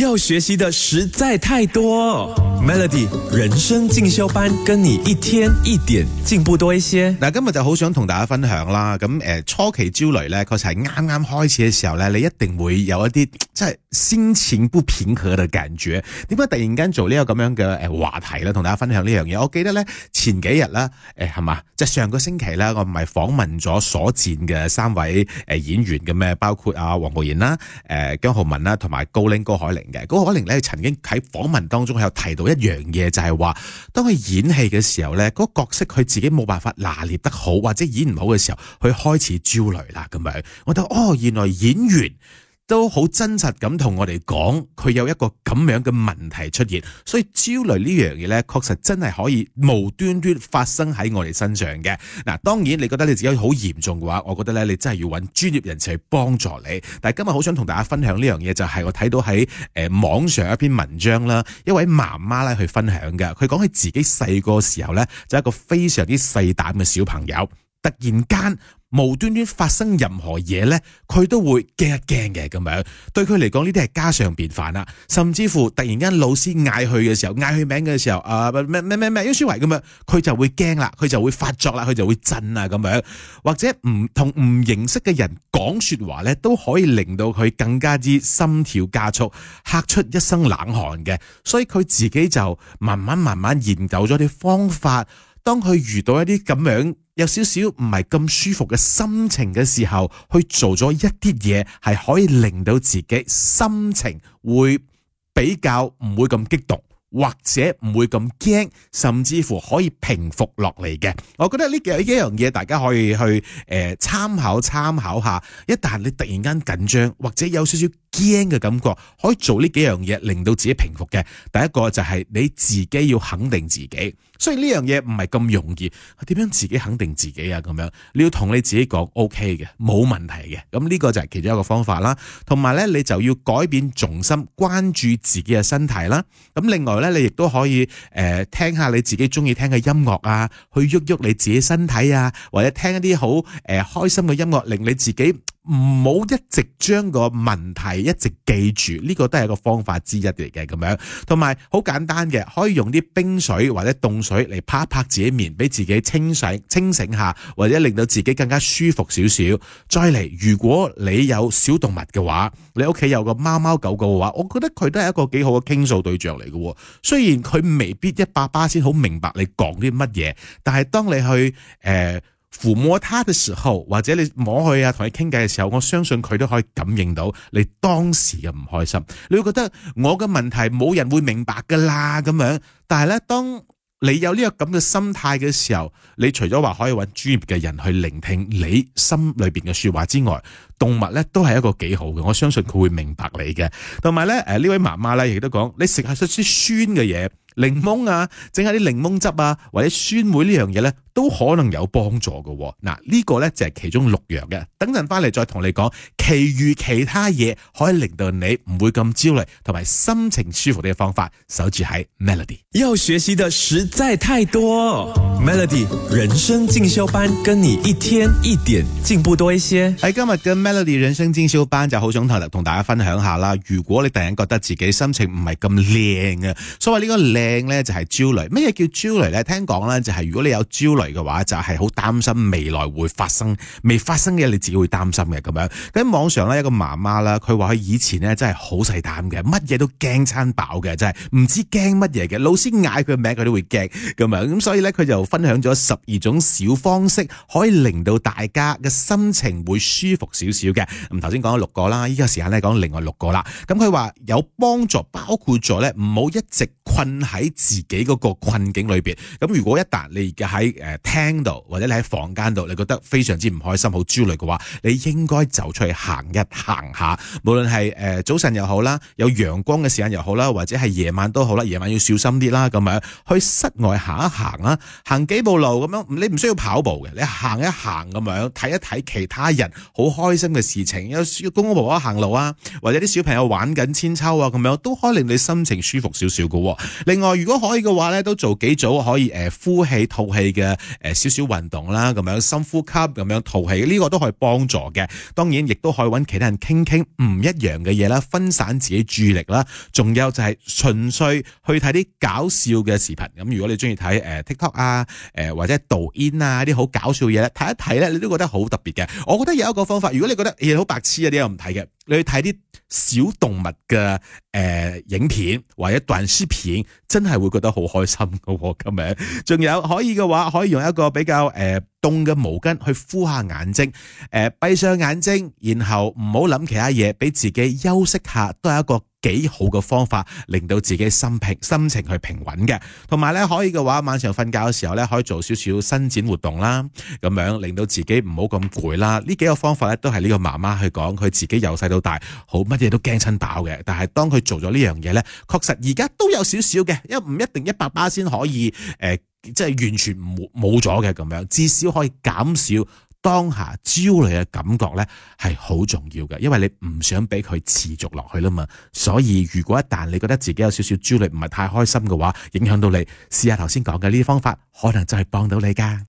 要學習的實在太多。Melody 人生進修班，跟你一天一點進步多一些。嗱，今日就好想同大家分享啦。咁誒、呃，初期焦慮咧，確實係啱啱開始嘅時候咧，你一定會有一啲即係心情不平和嘅感覺。點解突然間做呢個咁樣嘅誒話題咧？同大家分享呢樣嘢。我記得咧，前幾日啦，誒係嘛，即係上個星期啦，我唔係訪問咗所見嘅三位誒演員嘅咩，包括阿、啊、黃浩然啦、誒、呃、姜浩文啦同埋高凌高海寧嘅。高海寧咧曾經喺訪問當中有提到一樣嘢就係話，當佢演戲嘅時候咧，嗰個角色佢自己冇辦法拿捏得好，或者演唔好嘅時候，佢開始焦慮啦咁樣。我覺得哦，原來演員。都好真實咁同我哋講，佢有一個咁樣嘅問題出現，所以焦慮呢樣嘢呢，確實真係可以無端端發生喺我哋身上嘅。嗱，當然你覺得你自己好嚴重嘅話，我覺得呢，你真係要揾專業人士去幫助你。但係今日好想同大家分享呢樣嘢，就係我睇到喺誒網上一篇文章啦，一位媽媽咧去分享嘅，佢講起自己細個時候呢，就係一個非常之細膽嘅小朋友，突然間。無端端發生任何嘢呢，佢都會驚一驚嘅咁樣。對佢嚟講，呢啲係家常便飯啦。甚至乎突然間老師嗌佢嘅時候，嗌佢名嘅時候，啊，咩咩咩咩張書偉咁啊，佢就會驚啦，佢就會發作啦，佢就會震啊咁樣。或者唔同唔認識嘅人講說話呢，都可以令到佢更加之心跳加速，嚇出一身冷汗嘅。所以佢自己就慢慢慢慢研究咗啲方法，當佢遇到一啲咁樣。有少少唔係咁舒服嘅心情嘅時候，去做咗一啲嘢，係可以令到自己心情會比較唔會咁激動，或者唔會咁驚，甚至乎可以平復落嚟嘅。我覺得呢幾樣嘢大家可以去誒參考參考下。一旦你突然間緊張或者有少少驚嘅感覺，可以做呢幾樣嘢令到自己平復嘅。第一個就係你自己要肯定自己，所以呢樣嘢唔係咁容易。點樣自己肯定自己啊？咁樣你要同你自己講 OK 嘅，冇問題嘅。咁呢個就係其中一個方法啦。同埋呢，你就要改變重心，關注自己嘅身體啦。咁另外呢，你亦都可以誒、呃、聽下你自己中意聽嘅音樂啊，去喐喐你自己身體啊，或者聽一啲好誒開心嘅音樂，令你自己。唔好一直將個問題一直記住，呢個都係一個方法之一嚟嘅，咁樣，同埋好簡單嘅，可以用啲冰水或者凍水嚟拍拍自己面，俾自己清醒清醒下，或者令到自己更加舒服少少。再嚟，如果你有小動物嘅話，你屋企有個貓貓狗狗嘅話，我覺得佢都係一個幾好嘅傾訴對象嚟嘅。雖然佢未必一百巴仙好明白你講啲乜嘢，但係當你去誒。呃撫摸他嘅時候，或者你摸佢啊，同佢傾偈嘅時候，我相信佢都可以感應到你當時嘅唔開心。你會覺得我嘅問題冇人會明白噶啦咁樣。但係咧，當你有呢個咁嘅心態嘅時候，你除咗話可以揾專業嘅人去聆聽你心裏邊嘅說話之外，動物咧都係一個幾好嘅。我相信佢會明白你嘅。同埋咧，誒呢位媽媽咧亦都講，你食下啲酸嘅嘢，檸檬啊，整下啲檸檬汁啊，或者酸梅呢樣嘢咧。都可能有幫助嘅嗱、哦，呢、這個呢就係其中六樣嘅。等陣翻嚟再同你講，其餘其他嘢可以令到你唔會咁焦慮同埋心情舒服啲嘅方法，守住係 Melody。要學習的實在太多、oh.，Melody 人生進修班，跟你一天一點進步多一些。喺、哎、今日嘅 Melody 人生進修班就好想投入同大家分享下啦。如果你突然覺得自己心情唔係咁靚呀，所謂呢個靚呢就係焦慮。咩嘢叫焦慮呢？聽講呢就係如果你有焦慮。嘅話就係好擔心未來會發生未發生嘅嘢，你自己會擔心嘅咁樣。咁網上呢一個媽媽啦，佢話佢以前呢真係好細膽嘅，乜嘢都驚餐飽嘅，真係唔知驚乜嘢嘅。老師嗌佢名，佢都會驚咁樣。咁所以呢，佢就分享咗十二種小方式，可以令到大家嘅心情會舒服少少嘅。咁頭先講咗六個啦，依家時間呢講另外六個啦。咁佢話有幫助，包括咗呢，唔好一直困喺自己嗰個困境裏邊。咁如果一但你喺誒，呃聽到或者你喺房間度，你覺得非常之唔開心、好焦慮嘅話，你應該走出去行一行下。無論係誒、呃、早晨又好啦，有陽光嘅時間又好啦，或者係夜晚都好啦，夜晚要小心啲啦。咁樣去室外行一行啦，行幾步路咁樣，你唔需要跑步嘅，你行一行咁樣，睇一睇其他人好開心嘅事情，有公公婆婆行路啊，或者啲小朋友玩緊千秋啊，咁樣都可以令你心情舒服少少噶。另外，如果可以嘅話呢，都做幾組可以誒呼氣吐氣嘅。誒，少少運動啦，咁樣深呼吸，咁樣吐氣，呢個都可以幫助嘅。當然，亦都可以揾其他人傾傾唔一樣嘅嘢啦，分散自己注意力啦。仲有就係純粹去睇啲搞笑嘅視頻。咁如果你中意睇誒 TikTok 啊，誒或者抖演啊啲好搞笑嘅嘢咧，睇一睇咧，你都覺得好特別嘅。我覺得有一個方法，如果你覺得好白痴啊，啲我唔睇嘅。你去睇啲小動物嘅誒、呃、影片或者短視片，真係會覺得好開心嘅、哦。咁樣仲有可以嘅話，可以用一個比較誒，呃凍嘅毛巾去敷下眼睛，誒、呃，閉上眼睛，然後唔好諗其他嘢，俾自己休息下，都係一個幾好嘅方法，令到自己心平心情去平穩嘅。同埋呢，可以嘅話，晚上瞓覺嘅時候呢，可以做少少伸展活動啦，咁樣令到自己唔好咁攰啦。呢幾個方法呢，都係呢個媽媽去講，佢自己由細到大，好乜嘢都驚親飽嘅。但係當佢做咗呢樣嘢呢，確實而家都有少少嘅，因為唔一定一百巴仙先可以，誒、呃。即係完全冇冇咗嘅咁樣，至少可以減少當下焦慮嘅感覺咧，係好重要嘅，因為你唔想俾佢持續落去啦嘛。所以如果一旦你覺得自己有少少焦慮，唔係太開心嘅話，影響到你，試下頭先講嘅呢啲方法，可能真係幫到你㗎。